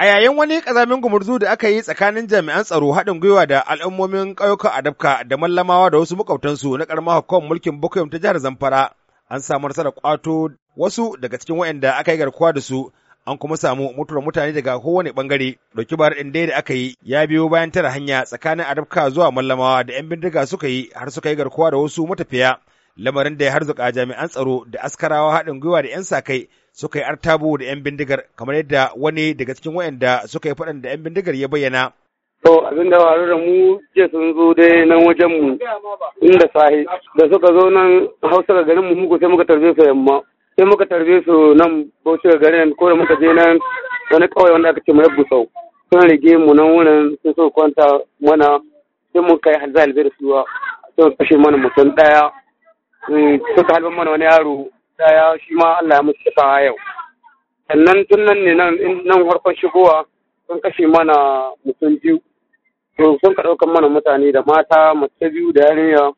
A yayin wani kazamin gumurzu da aka yi tsakanin jami'an tsaro haɗin gwiwa da al'ummomin a Adabka da Mallamawa da wasu makwabtansu na ƙaramar hukumar mulkin Bukoyam ta jihar Zamfara, an samu nasarar ƙwato wasu daga cikin waɗanda aka yi garkuwa da su an kuma samu mutuwar mutane daga kowane bangare Ɗauki bara ɗin dai da aka yi ya biyo bayan tara hanya tsakanin adabka zuwa mallamawa da yan bindiga suka yi har suka yi garkuwa da wasu matafiya lamarin da ya harzuka jami'an tsaro da askarawa haɗin gwiwa da yan sa-kai. suka yi artabu da 'yan bindigar kamar yadda wani daga cikin waɗanda suka yi faɗan da 'yan bindigar ya bayyana. To abin da faru da mu je sun zo dai nan wajen mu inda sahi da suka zo nan hausa ga garin mu muku sai muka tarbe su yamma sai muka tarbe su nan bauchi ga garin ko da muka je nan wani kawai wanda aka ce mu rabu sau sun rige mu nan wurin sun so kwanta mana sai mun kai hanzar da suwa sun kashe mana mutum daya sun suka halban mana wani yaro ɗaya shi ma Allah ya musu shafa yau sannan tun nan ne nan farkon shigowa sun kashe mana mutum biyu to sun ka ɗaukan mana mutane da mata mace biyu da yarinya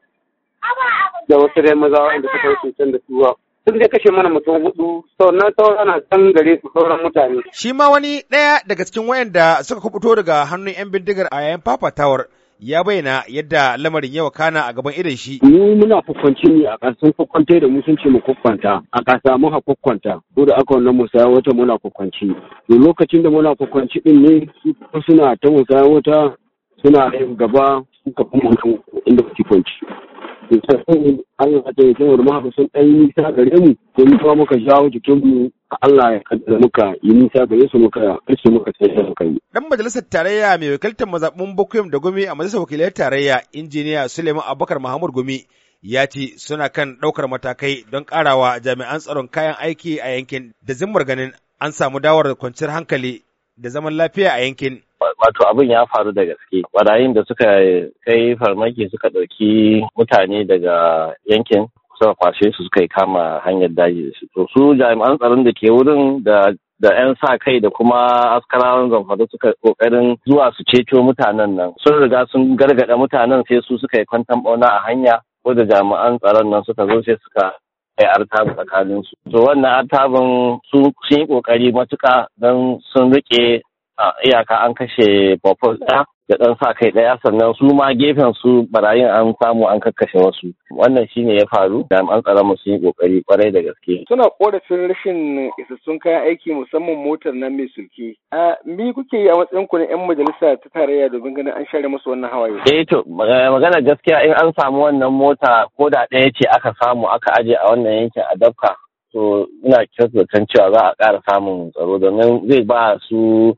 da wasu dai maza wanda suka yi cutar da suwa sun dai kashe mana mutum hudu sannan sauran na can gare su sauran mutane. shi ma wani ɗaya daga cikin wayanda suka kubuto daga hannun 'yan bindigar a yayin fafatawar ya bayyana yadda lamarin yau kana a gaban idan shi. Mu muna kwakwanci ne a ƙasan kwakwanta da mu sun ce mu kwakwanta a ƙasa mu ha kwakwanta ko da aka wannan musaya wata muna kwakwanci. To lokacin da muna kwakwanci din ne suna ta musaya wata suna yin gaba suka kuma inda kuke kwanci. To sai an yi a tsaye sun ɗan yi nisa gare mu ko mu muka jikin mu Allah ya kaddara muka yi nisa ga su muka kace muka tsaye da kai. Dan majalisar tarayya mai wakiltar mazaɓin Bukum da Gumi a majalisar wakilai tarayya injiniya Suleiman Abubakar Mahamud Gumi ya ce suna kan ɗaukar matakai don ƙarawa jami'an tsaron kayan aiki a yankin da zimmar ganin an samu dawar kwanciyar hankali da zaman lafiya a yankin. wato abin ya faru da gaske barayin da suka kai farmaki suka ɗauki mutane daga yankin suka kwashe su suka yi kama hanyar daji da su to su jami'an tsaron da ke wurin da da 'yan sa kai da kuma askarawan zamfara suka kokarin zuwa su ceto mutanen nan sun riga sun gargada mutanen sai su suka yi kwantan bauna a hanya ko da jami'an tsaron nan suka zo sai suka yi artabu tsakanin su to wannan artabun sun yi kokari matuka don sun rike iyaka an kashe bofos ɗaya da ɗan sa kai ɗaya sannan su ma gefen su barayin an samu an kakkashe wasu wannan shine ya faru da an tsara musu yi kokari kwarai da gaske suna korafin rashin isassun kayan aiki musamman motar nan mai sulke a me kuke yi a matsayin ku na yan majalisa ta tarayya domin ganin an share musu wannan hawaye eh to magana gaskiya in an samu wannan mota ko da ɗaya ce aka samu aka aje a wannan yankin a dabka to ina kyautar cewa za a ƙara samun tsaro domin zai ba su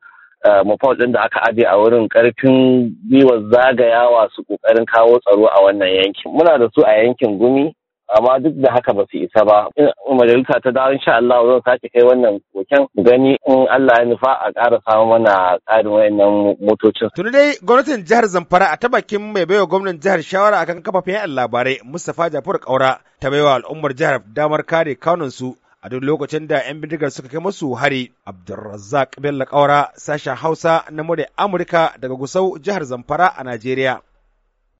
Eh, mafau ɗin da aka aje a wurin ƙarfin gwiwar zagayawa su ƙoƙarin kawo tsaro a wannan yankin muna da su a yankin gumi amma duk da haka ba su isa ba in majalisa ta dawo insha Allah zan sake kai wannan koken gani in Allah ya nufa a ƙara samu mana ƙarin wayannan motocin tuni dai gwamnatin jihar Zamfara a tabakin mai baiwa gwamnan jihar shawara akan kafafen labarai Mustapha Jafaru Kaura ta baiwa al'ummar jihar damar kare su. a duk lokacin da 'yan bindigar suka kai masu hari. Abdulrazzaq Bello Kaura sashen Hausa na Amurka daga Gusau jihar Zamfara a Najeriya.